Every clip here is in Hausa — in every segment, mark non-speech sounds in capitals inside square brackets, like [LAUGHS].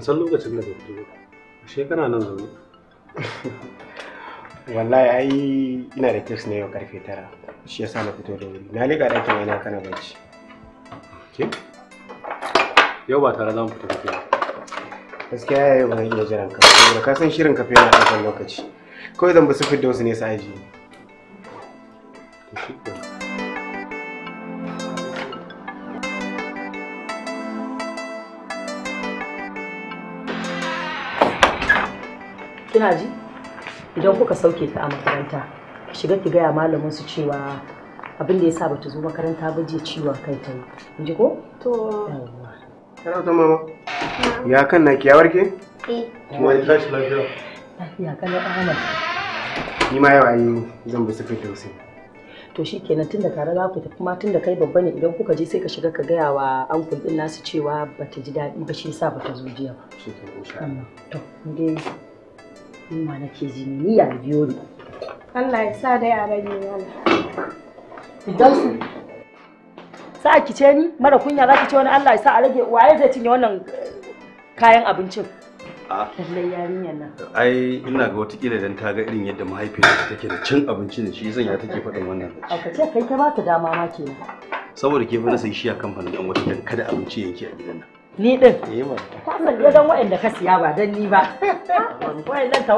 ban san lokacin da ka fito ba ashe kana nan zaune [LAUGHS] wallahi ai ina da tips ne yau karfe tara shi yasa na fito da wuri na liƙa ɗakin yana kana bacci ke yau ba tare za mu fita tafiya gaskiya yayi ba iya jiran ka saboda ka san shirin kafe yana ɗaukar lokaci kawai zan ba su fidda wasu ne su aji. to shi kina ji idan kuka sauke ta a makaranta ki shiga ki gaya malamin su cewa abin da yasa bata zo makaranta ba je ciwon kai ta yi in ji ko to kana ta mama ya kan na kiyawar ke eh kuma ya tashi lafiya lafiya kana Ahmad ni ma yawa yi zan bi sufin tausayi to shi kenan tun da tare za ku tafi ma tun da kai babba ne idan kuka je sai ka shiga ka gaya wa ankul din nasu cewa bata ji daɗi ba shi yasa bata zo jiya ba shi mm, to dai Kuma na ke ji ni ya biyo ni Allah ya sa dai a rage mana su. sa ki ce ni mara kunya za ki ce wani Allah ya sa a rage waye zai cinye wannan eh, kayan abincin lallai yarinyar nan ai ina ga watakila idan ta ga irin yadda mahaifiyarta take da cin abinci da shi zan ya take faɗin wannan a ka ce kai ta ba ta dama ma kenan saboda ke fa na sai shi a kamfanin dan wata kada abinci yake a gidan nan Ni din. Eh, ka san waɗanda ka siya ba dan ni ba. [LAUGHS] Waɗannan ka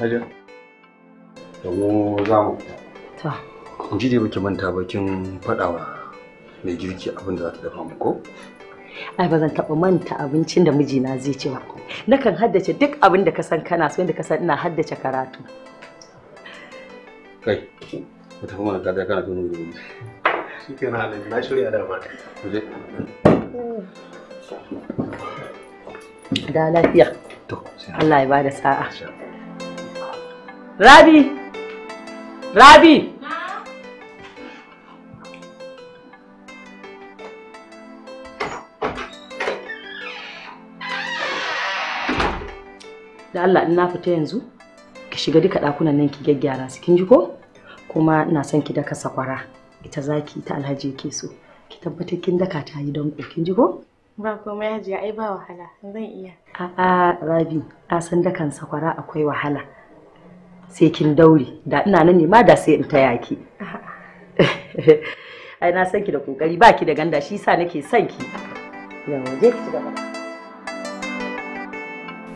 Hajar. Da mu za mu fita. Ta. dai baki manta bakin faɗawa mai girki abin da za ta dafa ko ai ba zan taba manta abincin da mijina zai ci ba nakan haddace duk abin da ka san kana so inda ka san ina haddace karatu kai ka tafi mana gada kana tono da wuri shi ke na na shirya da ma da lafiya to Allah ya bada sa'a Rabi Rabi da Allah in na fita yanzu ki shiga duka ɗakunan nan ki gyaggyara su kin ji ko kuma ina son ki daka sakwara ita zaki ta alhaji yake so ki tabbatar kin daka ta yi don kin ji ko ba komai hajiya ai ba wahala zan iya a'a rabi a san dakan sakwara akwai wahala sai kin daure da ina nan ne ma da sai in taya ki [LAUGHS] ai na san ki da kokari ba ki da ganda shi sa nake son ki yawa je ki gaba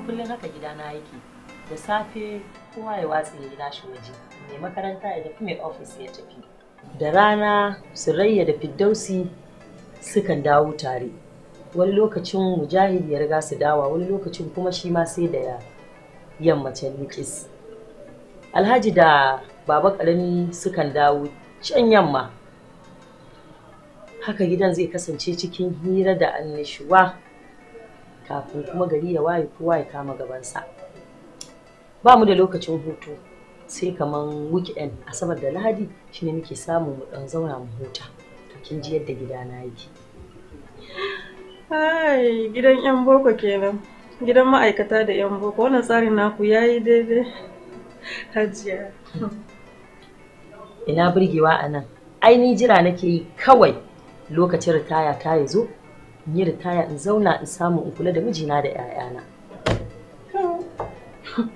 kullum haka gidana yake da safe kowa ya watsa ya gida shi waje mai makaranta ya tafi mai ofis ya tafi da rana surayya da fiddausi sukan dawo tare wani lokacin mujahid ya riga su dawa wani lokacin kuma shi ma sai da yammacin nikis alhaji da baba karami sukan dawo can yamma haka gidan zai kasance cikin hira da annishuwa kafin kuma gari ya waye kowa ya kama gabansa ba mu da lokacin hutu sai kaman weekend asabar da lahadi shine muke samu mu dan zauna mu huta to kin ji yadda gida na yake ai gidan yan boko kenan gidan ma'aikata da yan boko wannan tsarin naku yayi daidai hajiya ina burgewa a nan ai ni jira nake yi kawai lokacin ritaya ta yi zo in yi ritaya in zauna in samu in kula da mijina da 'ya'yana. [LAUGHS]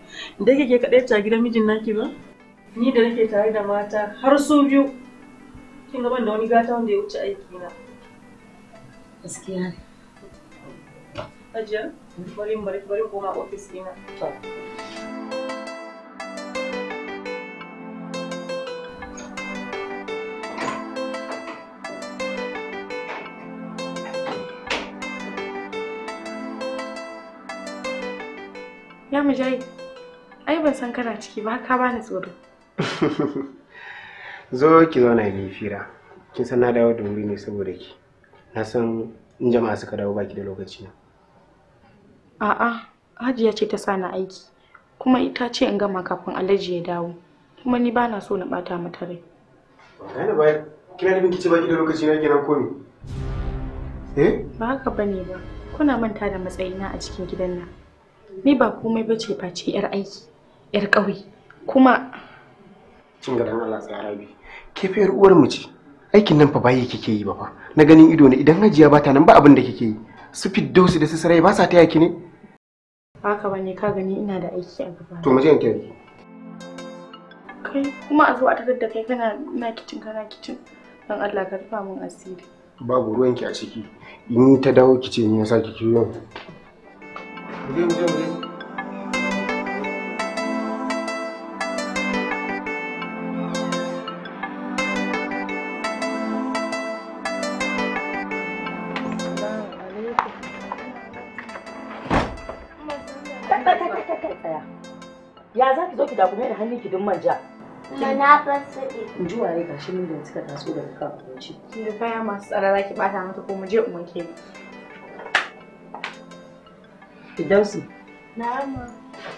Da kake kaɗai ta gidan mijin naki ba? Ni da nake tare da mata har su biyu. Kin gaban da wani gata wanda ya wuce aiki na. Gaskiya ne. bari bari bari koma ofis ɗina. Ya Mujahid, ai ban san kana ciki ba ka bani tsoro. [LAUGHS] Zo ki zauna ni fira. Kin san na dawo da wuri ne saboda ki. Na san in jama'a suka dawo baki da lokaci na. A'a, Hajiya ce ta sa na aiki. Kuma ita ce in gama kafin Alhaji ya dawo. Kuma ni ba na so na bata mata rai. Kana ba kina nufin ce baki da lokaci na kenan ko me? Eh? Ba haka bane ba. Kuna manta da matsayina a cikin gidan nan. ni ba komai ba ce face yar aiki yar ƙauye kuma cin garin Allah bi ke fa yar uwar mu aikin nan fa baye kike yi ba fa na ganin ido ne idan hajiya ba ta nan ba abin da kike yi su fiddausu da su sarai ba sa taya ki ne haka ne ka gani ina da aiki a gaba to mu je in kai kuma a zo a tarar da kai kana na kicin kana kicin dan Allah ka rufa mun asiri babu ruwanki a ciki in ta dawo kice ni na saki kiyo muje muje muje ya za ki zo ki dakume da hannun ki dun manja. Na fasiri. In ji waye gashi mun da suka taso daga kan abinci. Kin ga kaya masu tsara za ki ɓata mata ko mu je mu wanke Fidausi. Na'ama.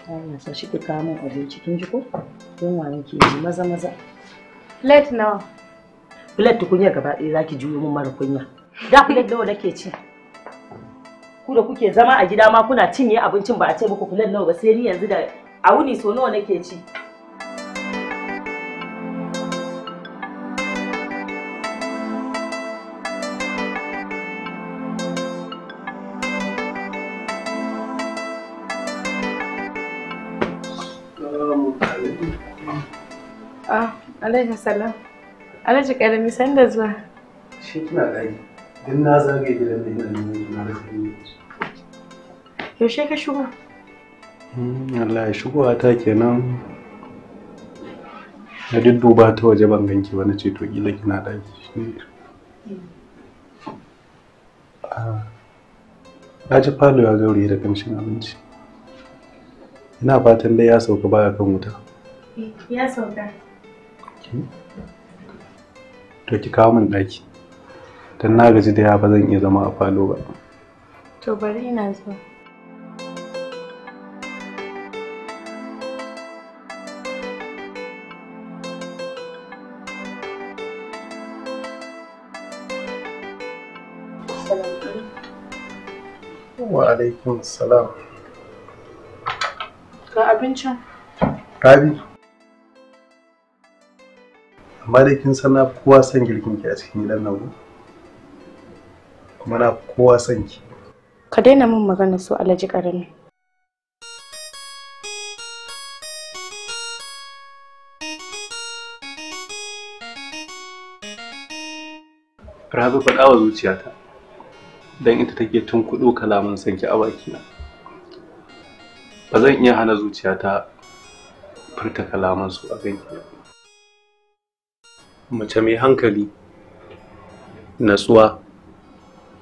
Na'ama sa shi ki kawo min abinci kin ji ko? Yunwa nake yi maza maza. Plate nawa? Plate tukunya gaba ɗaya zaki juyo min mara kunya. Da plate nawa nake ci? Ku da kuke zama a gida ma kuna cinye abincin ba a ce muku plate nawa ba sai ni yanzu da a wuni so nawa nake ci. Alaihi salam. Alhaji Karami san da zuwa. Shi kina gani. Din na zage gidan da yana neman na da sai. Yaushe ka shigo? Allah ya shigowa ta kenan. Na dudduba ta waje ban ganki ba na ce to kila kina ɗaki. Na ji falo ya gauri da kamshin abinci. Ina fatan dai ya sauka baya kan wuta. Ya sauka. ki to ki kawo min ɗaki don na gaji da yawa ba zan iya zama a falo ba to bari na zo wa alaikun salam ga abincin rabi amma dai kin san na kowa son girkin ki a cikin gidan nan kuma na kowa son ki ka daina min magana su alaji karami Rabi faɗa wa zuciyata don ita take tun kuɗo kalamin sanki a bakina. Ba zan iya hana zuciyata furta kalamansu su a ganki ba. mace mai hankali natsuwa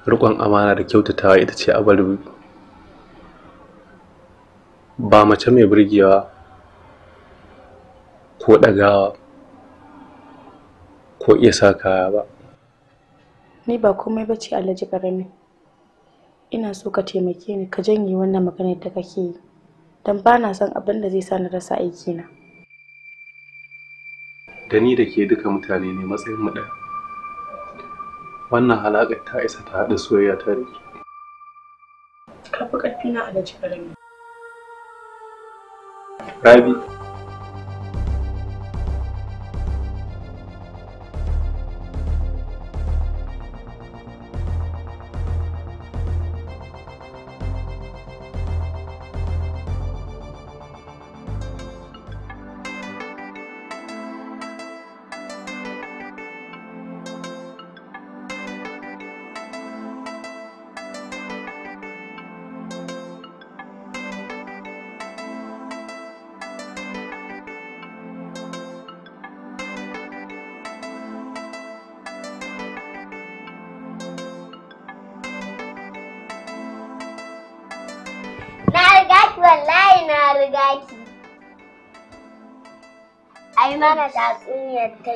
riƙon amana da kyautatawa ita ce a ba mace mai burgewa ko ɗagawa ko iya sa kaya ba ni ba komai ba ce alhaji ƙarami ina so ka taimake ni ka janye wannan maganar da kake yi Dan ba na son abin da zai sa na rasa aikina da ni da ke duka mutane ne matsayin mu ɗaya wannan halaƙar ta isa ta haɗa soyayya ta da ke ka fi ƙarfi na a da Rabi, ta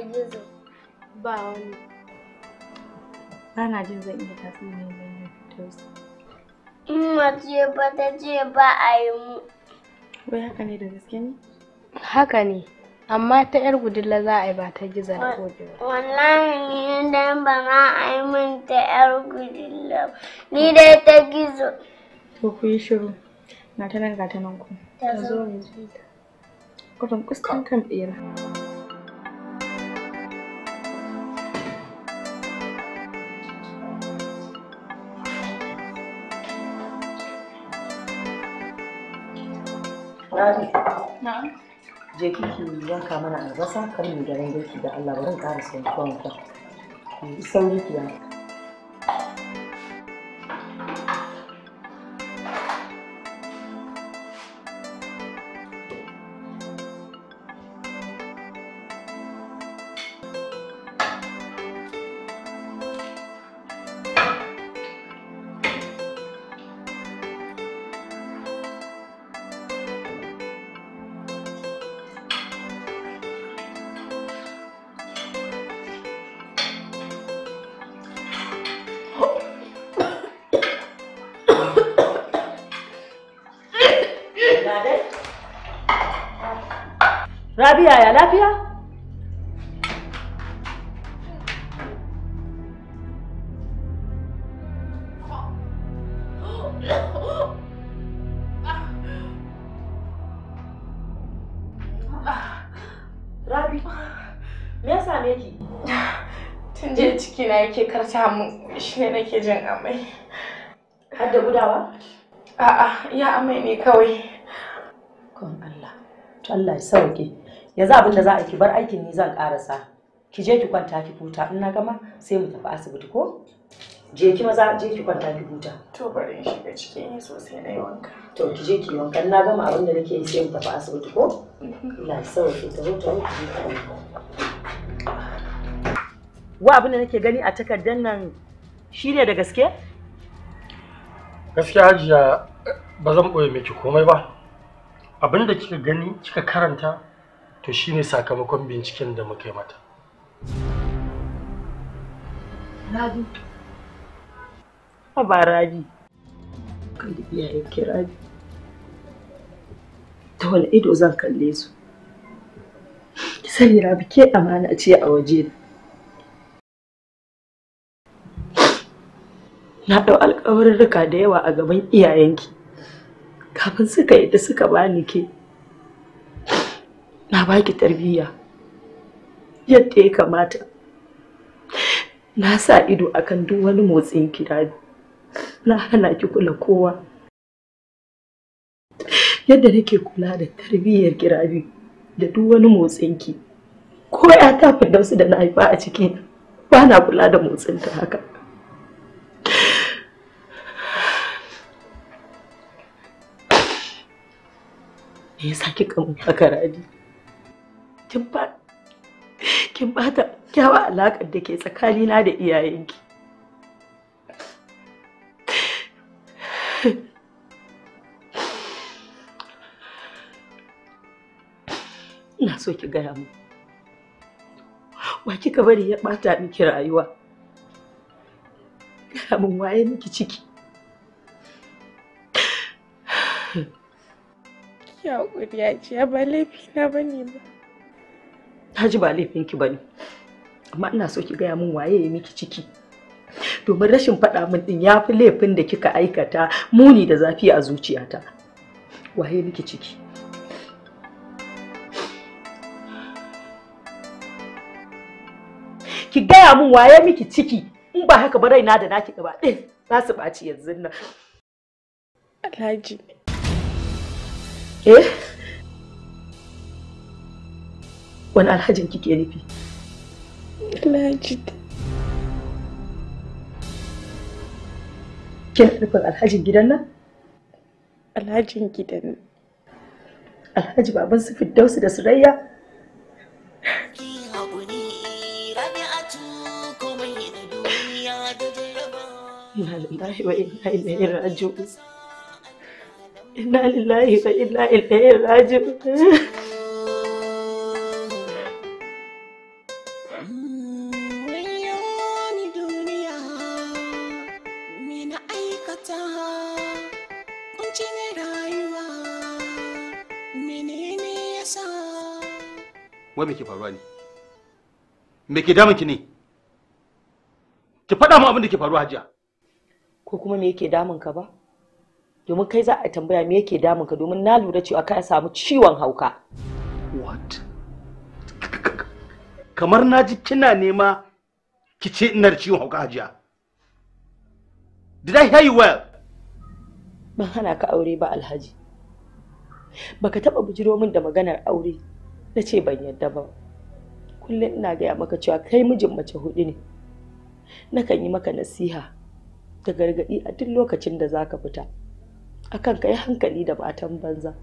ba wani ba jin zan iya tafi ne in ba ta ce ba a yi mu haka ne da gaske ne haka ne amma ta yar gudulla za a yi ba ta gizo da koke ba wallahi ni dan ba ma a yi min ta yar gudulla ni dai ta gizo to ku yi shiru na ta nan ga ta nan ku ta zo ne kuskan kan tsira ƙari je kiki yanka mana albasa kan mu da ran da Allah barin ƙara sauƙon ka sauri ki ina dai? Rabia ya lafiya? Rabi, me ya same ki? Tun je cikina yake karta mun shi ne nake jin amai. Har da gudawa? A'a, ya amai ne kawai. to Allah ya sauke yanzu abin da za a ki bar aikin ni zan karasa ki je ki kwanta ki huta in na gama sai mu tafi asibiti ko je ki maza je ki kwanta ki huta to bari in shiga ciki ne sosai na wanka to ki je ki wanka na gama abin da nake yi sai mu tafi asibiti ko Allah ya sauke ta huta wa abin da nake gani a takardar nan shine da gaske gaskiya hajiya ba zan ɓoye miki komai ba abinda kika gani kika karanta to shine sakamakon binciken da muka yi mata Rabi. aba Rabi. Kalli iyayenki Rabi. Ta wani ido zan kalle su. Ki sani Rabi ke amana ce a waje na. Na ɗau alƙawarin da yawa a gaban iyayenki. kafin suka yadda suka bani ke na baki tarbiyya yadda ya kamata na sa ido akan duk wani motsin kira na hana ki kula kowa yadda nake kula da tarbiyyar kirabi da duk wani motsin ki ko ya tafi fi da na haifa a cikin ba na kula da motsin ta haka me yasa kika mun haka radi kin ba kin bata kyawa alakar da ke tsakani na da iyayenki ina so ki gaya mu wa kika bari ya bata miki rayuwa gaya mun waye miki ciki ki haƙuri ya ba laifina ba ne ba. Ta ji ba laifinki ba ne, amma ina so ki gaya min waye ya miki ciki. Domin rashin faɗa min ɗin ya fi laifin da kika aikata muni da zafi a zuciyata. Waye miki ciki? Ki gaya min waye miki ciki in ba haka ba raina da naki gaba ɗaya za su ɓaci yanzu nan. Alhaji eh wani alhajin kike nufi alhaji kina nufin alhajin gidan nan alhajin gidan alhaji baban su fiddausu da surayya Ina lillahi wa inna ilaihi raji'un. inna lillahi wa inna ilaihi raji'un Wai me ke faruwa ne? Me ke damun ki ne? Ki faɗa mu abin da ke faruwa hajiya. Ko kuma me yake damun ka ba? domin kai za a tambaya me yake damun ka domin na lura cewa ka samu ciwon hauka what kamar na ji kina nema ki ce ina da ciwon hauka hajiya did i hear you well ban hana ka aure ba alhaji baka taba bujiro min da maganar aure na ce ban yadda ba kullum ina gaya maka cewa kai mijin mace hudu ne nakan yi maka nasiha da gargadi a duk lokacin da zaka fita akan ka yi hankali da matan banza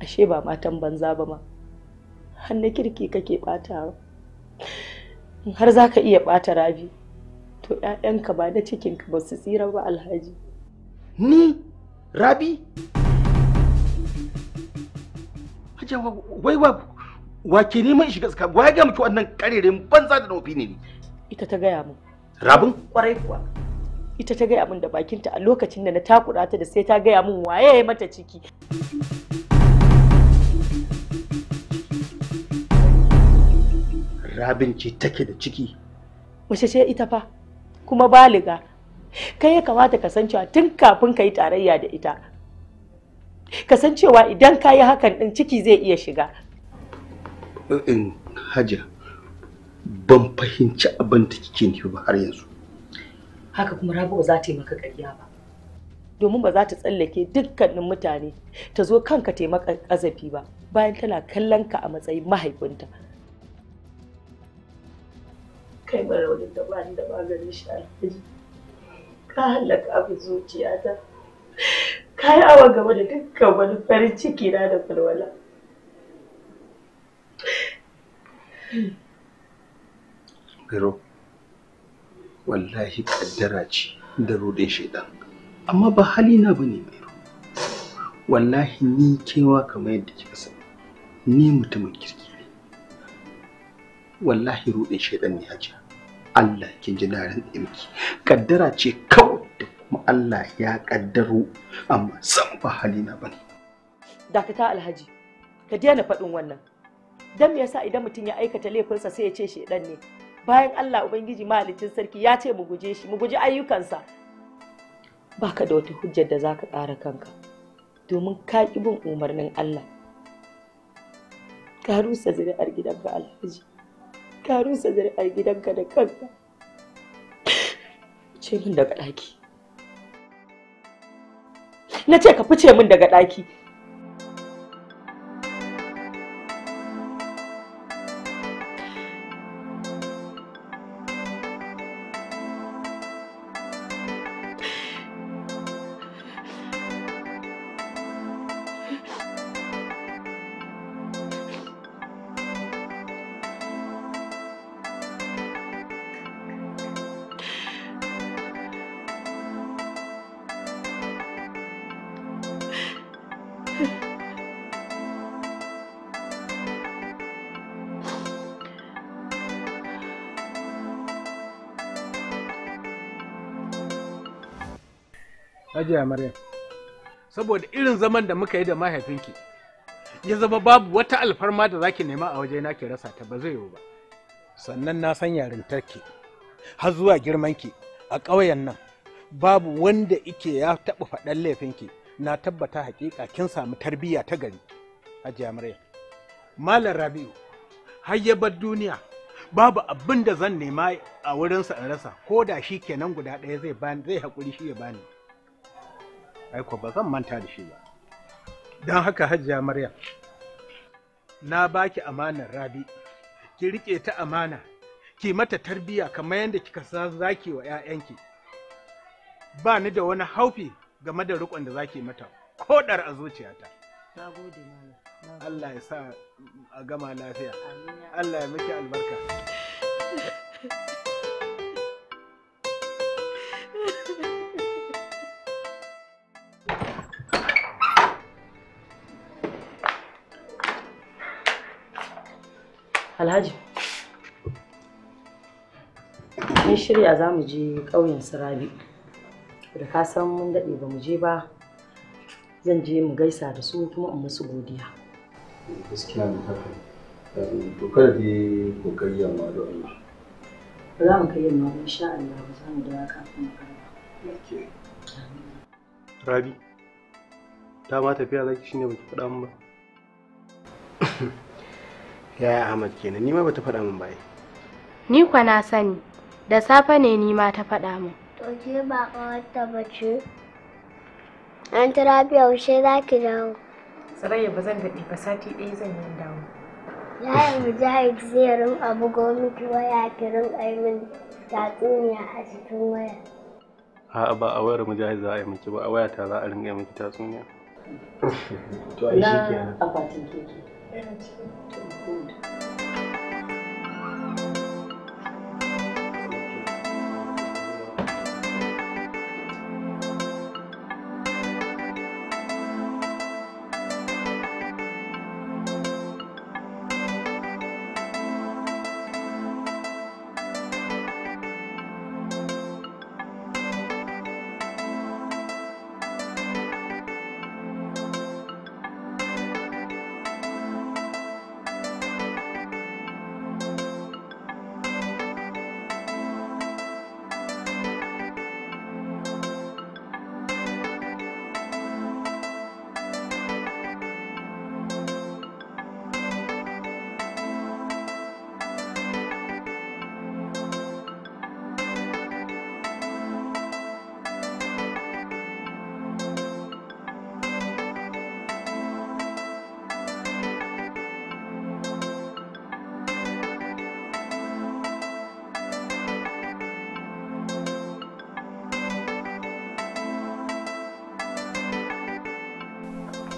ashe ba matan banza ba ma har na kirki kake ɓatawa har za ka iya ɓata rabi to ‘ya'yanka ba na cikinka ba su tsira ba alhaji ni rabi wai wa ke neman shiga tsaka wa ya gaya miki wannan karerin banza da nufi ne ita ta gaya mu rabin kwarai kuwa ita ta gaya min da bakinta a lokacin da na takura ta da sai ta gaya min waye mata ciki rabin ce take da ciki mace ce ita fa kuma baliga kai ya kamata ka san cewa tun kafin ka yi tarayya da ita ka san cewa idan ka yi hakan din ciki zai iya shiga in hajja, ban fahimci abin da kike nufi ba har yanzu haka kuma rabu za ta yi maka ƙarya ba domin ba za ta tsallake dukkanin mutane ta zo kanka taimaka azafi ba bayan tana kallon ka a matsayin mahaifinta kai maraunin da ba da maganin shi alhaji ka hallaka abin ta ka yi awa gaba da dukkan wani farin ciki na da falwala Pero wallahi kaddara ce da rudin shaidan amma ba halina ba ne mai wallahi ni kewa kamar yadda kika sani ni mutumin kirki ne wallahi rudin shaidan ne hajiya Allah kin ji daren miki kaddara ce kawai da kuma Allah ya kaddaro amma san ba halina ba ne dakata alhaji ka daina faɗin wannan dan me yasa idan mutum ya aikata laifinsa sai ya ce shaidan ne bayan Allah Ubangiji mahalicin sarki ya ce mu guje shi mu guji ayyukansa baka da wata hujjar da zaka tsara kanka domin ka ƙi bin umarnin Allah ka rusa zuri'ar gidanka alhaji ka rusa zuri'ar gidanka da kanka ce min daga ɗaki na ce ka fice min daga ɗaki Ajiya Maryam. Saboda irin zaman da muka yi da mahaifinki, ya zama babu wata alfarma da zaki nema a wajen ke rasa ta ba zai yiwu ba. Sannan na san yarintarki, har zuwa girmanki a ƙauyen nan, babu wanda ike ya taɓa faɗan laifinki. na tabbata hakika kin samu tarbiyya ta gari hajiya maryam malam rabi'u har ya bar duniya babu abin da zan nema a wurinsa in rasa ko da shi kenan guda ɗaya zai zai haƙuri shi ya bani aiko ba zan manta da shi ba don haka hajiya maryam na baki amanar rabi ki riƙe ta amana ki mata tarbiyya kamar yadda kika sa zaki wa 'ya'yanki ba ni da wani haufi game da rikon da zaki mata kodar a zuciyata Allah ya sa a gama lafiya Allah ya miki albarka Alhaji, mun shirya za mu je ƙauyen su Rabi. da ka san mun daɗe ba mu je ba zan je mu gaisa da su kuma in musu godiya gaskiya ne haka to kada dai kokari ma da Allah ba za mu kai yamma ba insha Allah ba za mu da kafin ba Rabi ta ma tafiya zaki shine baki faɗa min ba [COUGHS] Yaya Ahmad kenan ni ma ba ta faɗa min ba ni kwa na sani da safe ne ni ma ta faɗa min Waje ba ƙawarta ba ce. An tara biya yaushe za ki dawo. Sarayya ba zan daɗe ba sati ɗaya zan yi dawo. Yayin Mujahid zai rinƙa bugo miki waya ki rinƙa yi tatsuniya a cikin waya. A'a ba a wayar Mujahid za a yi miki ba a waya ta za a rinƙa yi miki tatsuniya. To ai shi kenan. Akwatin keke.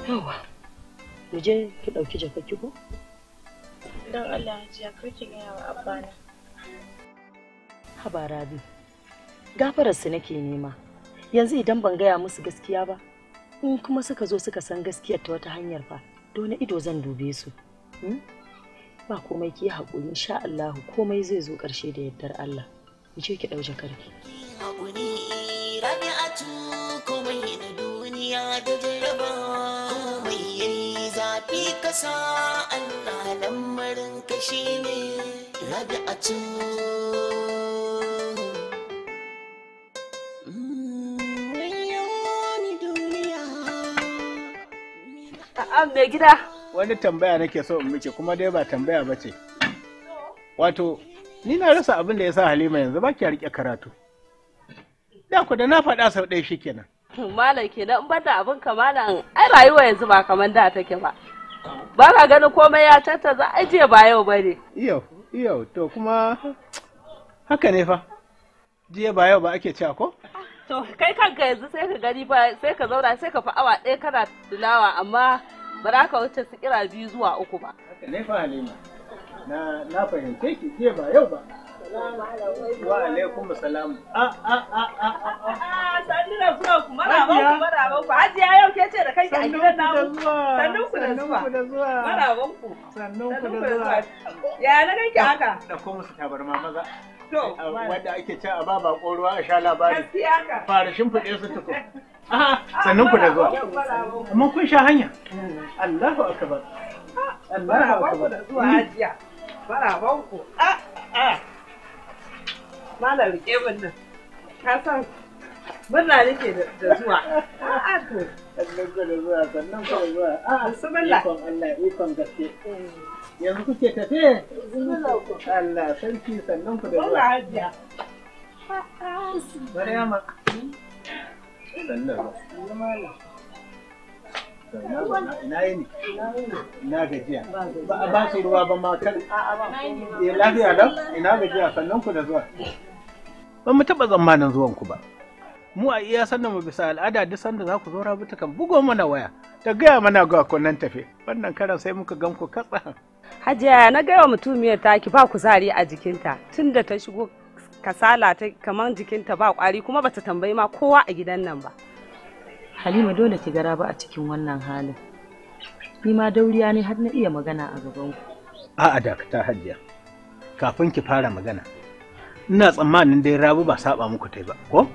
yawa mu je ki ɗauki jakarki ko don Allah hajiya kar ki gaya wa abana haba rabi gafararsu nake nema yanzu idan ban gaya musu gaskiya ba in kuma suka zo suka san gaskiyar ta wata hanyar fa dole ido zan dube su hmm? ba komai ki haƙuri insha Allah komai zai zo ƙarshe da yardar Allah mu je ki ɗauje karki haƙuri rabi'atu komai na duniya da ƙasa Allah lamarin kashi ne rabi'atun Na'am mai gida. Wani tambaya nake so in miki kuma dai ba tambaya ba ce. Wato, ni na rasa abin da ya sa Halima yanzu ba ki rike karatu. Da ku da na faɗa sau ɗaya shi kenan. Malam kenan in bada abin kamalan ai rayuwa yanzu ba kamar da take ba. ba ka gani komai ya tatta za a je ba yau bane yau yau to kuma haka ne fa jiya ba yau ba ake cewa ko to kai kanka yanzu sai ka gani ba sai ka zauna sai ka fi awa ɗaya kana tilawa amma ba za ka wuce su kira biyu zuwa uku ba haka ne fa halima na na fahimce ki jiya ba yau ba Wa alaikum salam. Ah, da zuwa ku da a gidan zuwa. Maraban da zuwa. Ya na haka? ko musu To, ake ce a ba a sha labari. Gaskiya ka. su tuku. [LAUGHS] Ah, ku da zuwa. Amma kun sha hanya. Hmm. Allahu akbar. Ah, maraban ku hmm. Malam rike wannan. Ka san murna nake da zuwa. A'a to. Sannan ku da zuwa, sannan ku da zuwa. A'a, bismillah. Ikon Allah, ikon gaske. Mm. Yanzu kuke tafe? Bismillah ku. Allah, sarki sannan ku da zuwa. Allah hajiya. Maryama. Sannan. Sannan malam. Ina gajiya. Ba ba su ruwa ba ma kan. Eh lafiya lau ina gajiya sannan ku da zuwa. Ba mu taɓa tsammanin zuwan ba. Mu a iya sannan mu bisa al'ada duk sanda za ku zo ta kan bugo mana waya. Ta gaya mana ga kunan tafe. Wannan karan sai muka gan ku katsa. Hajiya na gaya wa mutumiyar taki ba kuzari a jikinta tunda ta shigo kasala ta kamar jikinta ba kwari kuma bata tambayi ma kowa a gidan nan ba. halima dole ki gara ba a cikin wannan halin ni ma dauriya ne har na iya magana a gaban ku a'a dakata hajiya kafin ki fara magana ina tsammanin dai rabu ba saba muku tai ba ko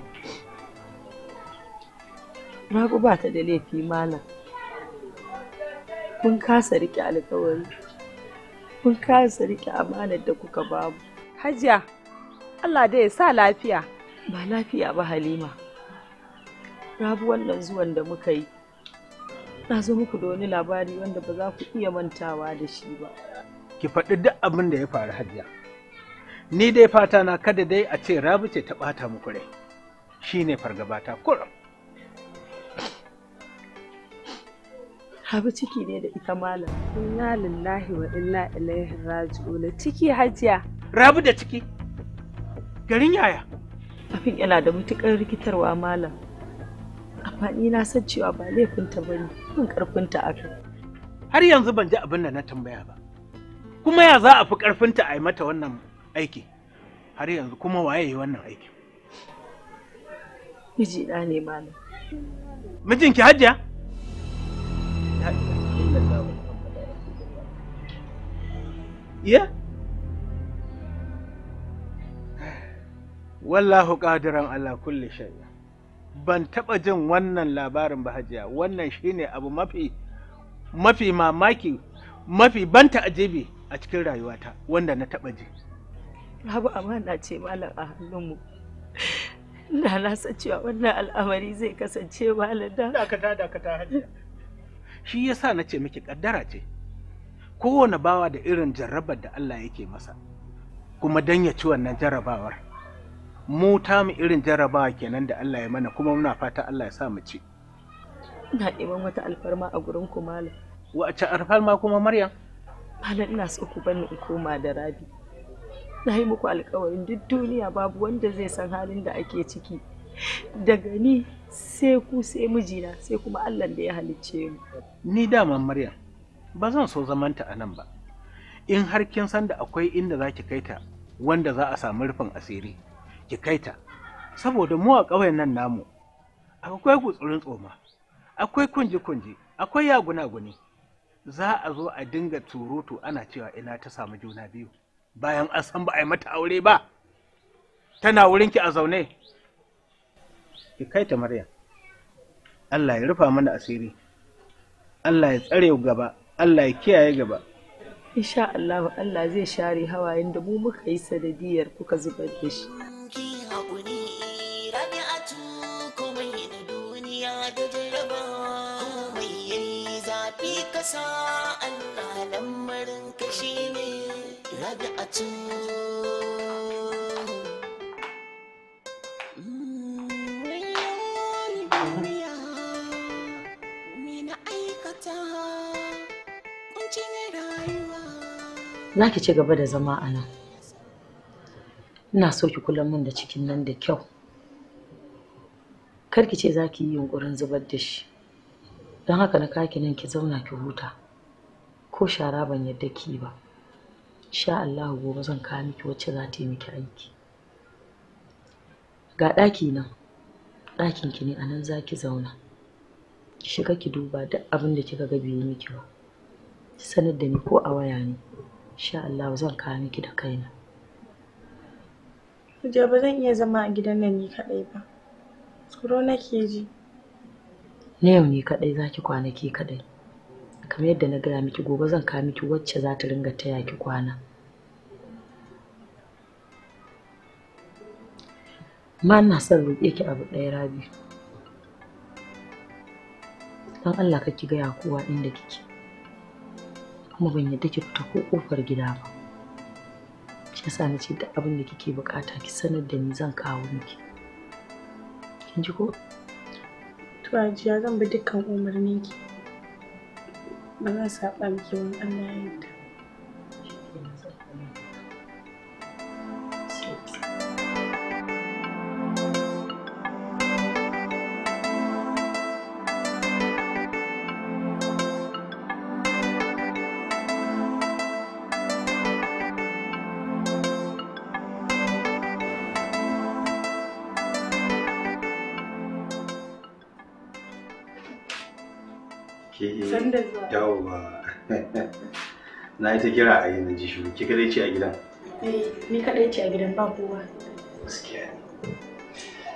rabu ba ta da laifi malam kun kasa rike alƙawari. kun kasa rike amanar da kuka babu hajiya Allah dai ya sa lafiya ba lafiya ba halima rabu wannan zuwan da muka yi na zo muku da wani labari wanda ba za ku iya mantawa da shi ba ki faɗi duk abin da ya faru hajiya ni dai fata na kada dai a ce rabu ce ta ɓata muku rai Shi ne fargabata kurum Habu ciki ne da ita malam. Inna lillahi wa inna ilaihi raji'un. Ciki hajiya. Rabu da ciki. Garin yaya. Abin yana da matukar rikitarwa malam. amfani na san cewa ba laifinta ba ne kun karfinta a kai har yanzu ban ji abin da na tambaya ba kuma ya za a fi karfinta a yi mata wannan aiki har yanzu kuma waye yi wannan aiki mijina ne malam mijinki hajiya iya wallahu qadiran ala kulli shay'in ban taɓa jin wannan labarin ba hajiya wannan shine abu mafi mafi mamaki mafi ban ta'ajibi a cikin rayuwata wanda na taɓa ji babu amana ce malam a hannunmu da na nasa cewa wannan al'amari zai kasance malam da dakata dakata hajiya shi yasa na ce miki kaddara ce kowane bawa da irin jarrabar da Allah yake masa kuma dan ya ci wannan jarrabawar mu ta mu irin jarabawa kenan da Allah ya mana kuma muna fata Allah ya sa mu ci ina neman wata alfarma a gurin ku malam wace alfarma kuma Maryam malam ina so ku bani in koma da Rabi na yi muku alkawarin duk duniya babu wanda zai san halin da ake ciki daga ni sai ku sai mijina sai kuma Allah da ya halicce mu ni dama Maryam ba zan so zamanta a nan ba in har kin san da akwai inda za ki kai ta wanda za a samu rufin asiri ki kai ta saboda mu a ƙauyen nan namu akwai gutsurin tsoma akwai kunji-kunji akwai yaguna-guni za a zo a dinga turutu ana cewa ina ta samu juna biyu bayan an san ba a yi mata aure ba tana wurinki a zaune ki kai ta maryam allah ya rufa mana asiri allah ya tsare gaba allah ya kiyaye gaba insha allah allah zai share hawayen da mu muka yi sanadiyar kuka zubar da shi kasa Allah lamarin kashi ne rabi'atun Za ki ci gaba da zama a nan. Ina so ki kula min da cikin nan da kyau. Kar ki ce za ki yi yunƙurin zubar da shi. don haka na kaki nan ki zauna ki huta ko shara ban yadda ki ba sha Allah gobe zan kawo miki wacce za ta yi miki aiki ga ɗaki nan ɗakin ki ne a nan za ki zauna ki shiga ki duba duk abin da kika ga bai yi miki ba ki sanar da ni ko a waya ne sha Allah zan kawo miki da kaina Hujja ba zan iya zama a gidan nan ni kaɗai ba. Tsoro nake ji. na yau ne kadai zaki kwanaki kadai kamar yadda na gaya miki gobe zan kawo miki wacce za ta ringa taya ki kwana ma na son roƙe ki abu ɗaya rabi don Allah ka ki gaya kowa inda kike kuma ban yadda ki fita ko ƙofar gida ba shi yasa na ce duk abin da kike bukata ki sanar da ni zan kawo miki kin ji ko to zan bi dukkan umarninki ba zan saba miki wani Allah ya yarda Yawwa. Na yi ta kira a yin ji shiru. Ki kadai ci a gidan? Eh, ni kadai ci a gidan ba kowa. Gaskiya ne.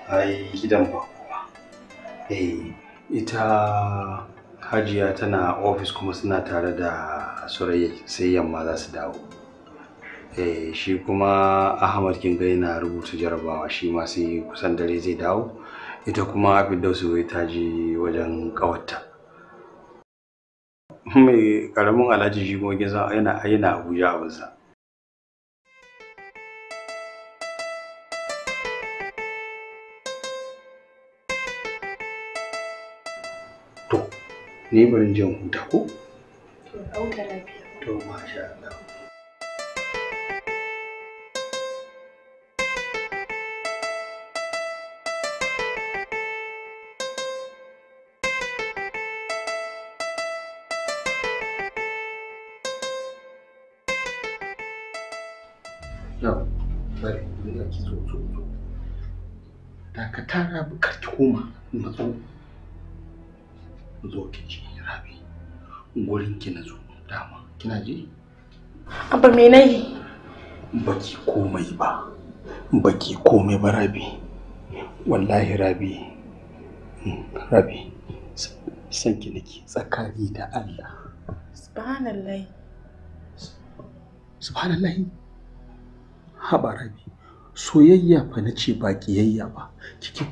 Ai, gidan ba kowa. Eh, ita Hajiya tana ofis kuma suna tare da Surayya sai yamma za su dawo. Eh, shi kuma Ahmad kin ga yana rubuta jarabawa shi ma sai kusan dare zai dawo. Ita kuma Firdausu ta ji wajen ƙawarta. mai karamin alhaji shi kuma gisa yana yana abuja abinsa to ni barin jin huta ko to masha Allah ka tara ka koma matso zo ki ji rabi gurin ki na zo dama kina ji abba me nayi baki komai ba baki komai ba rabi wallahi rabi hmm, rabi san ki nake tsakani da Allah subhanallahi subhanallahi haba rabi soyayya fa na ce ba ƙiyayya ba kike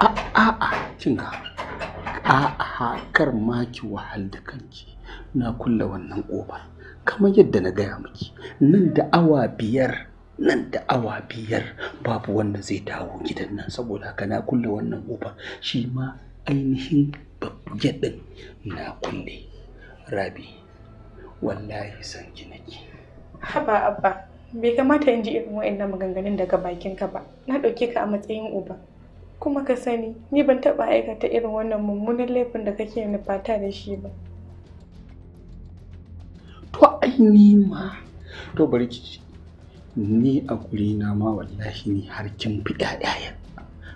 a a a kin ga a a kar ma ki wahal da kanki na kulla wannan ƙofa. kamar yadda na gaya miki nan da awa biyar nan da awa biyar babu wanda zai dawo gidan nan saboda haka na kulle wannan ƙofa shi ma ainihin babu yadda na kulle rabi wallahi san ki haba abba bai kamata in ji irin wa'annan maganganun daga bakin ka ba na ɗauke ka a matsayin uba kuma ka sani ni ban taɓa aikata irin wannan mummunan laifin da kake nufata da shi ba to ai ni ma to bari ki ni a guri na ma wallahi ni har kin fi ɗaya,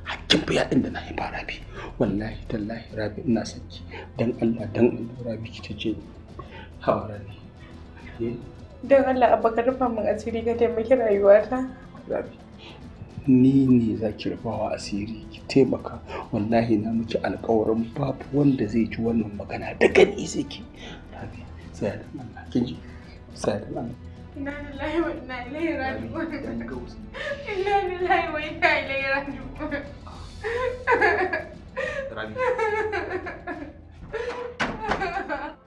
har kin fi ƴaƴan da na ba rabi wallahi tallahi rabi ina sanki dan Allah dan Allah rabi ki ta ce hawa rabi don Allah abba ka rufa min asiri ka taimaki rayuwata ni ne za ki rufa wa asiri ki taimaka wallahi na miki alkawarin babu wanda zai ji wannan magana da gani sai ki sai da Allah kin ji sai da Allah inna lillahi wa inna ilaihi raji'un inna lillahi wa inna ilaihi raji'un ha. [LAUGHS]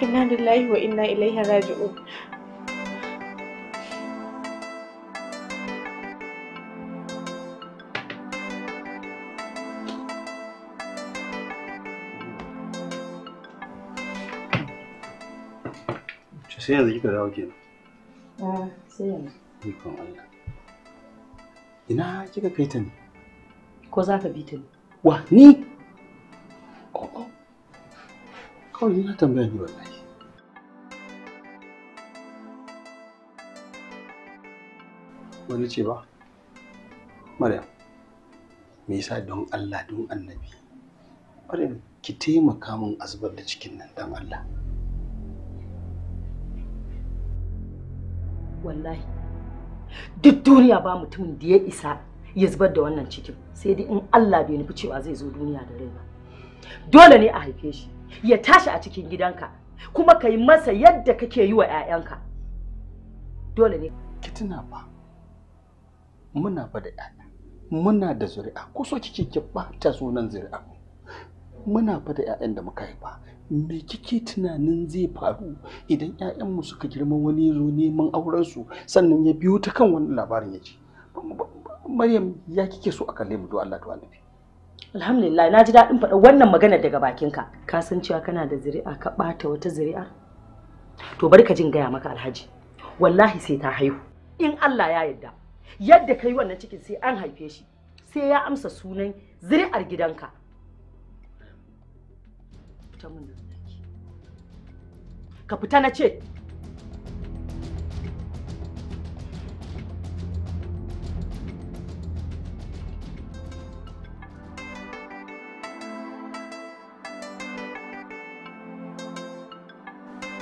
inna lillahi wa inna ilaihi raji'un sai ah, ina kika kai ta ne ko za ka bi ta ne wa ni oh, oh. kawai tambayar wallahi wani ce ba maryam me yasa don allah don annabi maryam ki taimaka min a da cikin nan dan allah wallahi duk duniya ba mutumin da ya isa ya zubar da wannan cikin sai dai in allah bai nufi cewa zai zo duniya da rai ba dole ne a haife shi ya tashi a cikin gidanka kuma ka masa yadda kake yi wa 'ya'yanka dole ne ki ba muna fa da ƴaƴa muna da zuri'a ko so kike ki bata sunan zuri'a muna fa da ƴaƴan da muka haifa me kike tunanin zai faru idan 'ya'yanmu suka girma wani zo neman auren su sannan ya biyo ta kan wani labarin ya Maryam ya kike so a kalle mu Allah to wani Alhamdulillah na ji daɗin faɗa wannan magana daga bakinka ka san cewa kana da zuri'a ka ɓata wata zuri'a to bari ka jin gaya maka alhaji wallahi sai ta haihu in Allah ya yarda yadda ka yi wannan cikin sai an haife shi sai ya amsa sunan zuri'ar gidanka ka fita na ce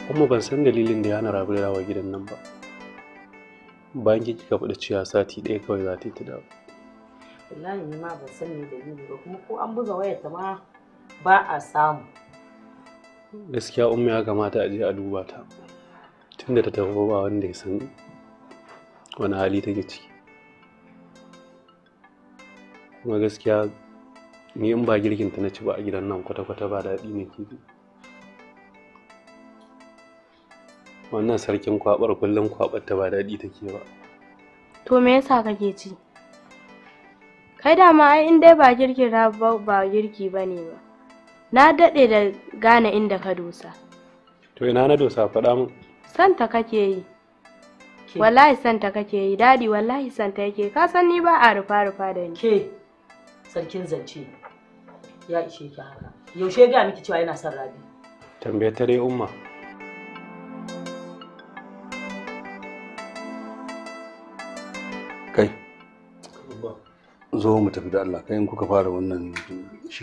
kuma ban san dalilin da ya hana rabu da gidan nan ba bayan ki kika faɗi cewa sati ɗaya kawai za ta yi ta dawo wallahi ni ma ban san me dalili ba kuma ko an buga wayar ta ma ba a samu gaskiya ummi ya kamata a je a duba ta tunda ta tafi ba wanda ya san wani hali take ciki kuma gaskiya ni in ba girkin ta na ci ba a gidan nan kwata-kwata ba daɗi ne ke ji wannan sarkin kwabar kullum kwabar ta ba daɗi take ba to me yasa kake ci kai da ma in dai ba girki ba girki bane ba na daɗe da gane inda ka dosa to ina na dosa faɗa mu santa kake yi wallahi santa kake yi dadi wallahi santa yake ka san ni ba a rufa rufa da ni ke sarkin zance ya ishe ki haka yaushe ga miki cewa yana son rabi tambaye ta dai umma zo mu tafi da Allah kayan kuka fara wannan shi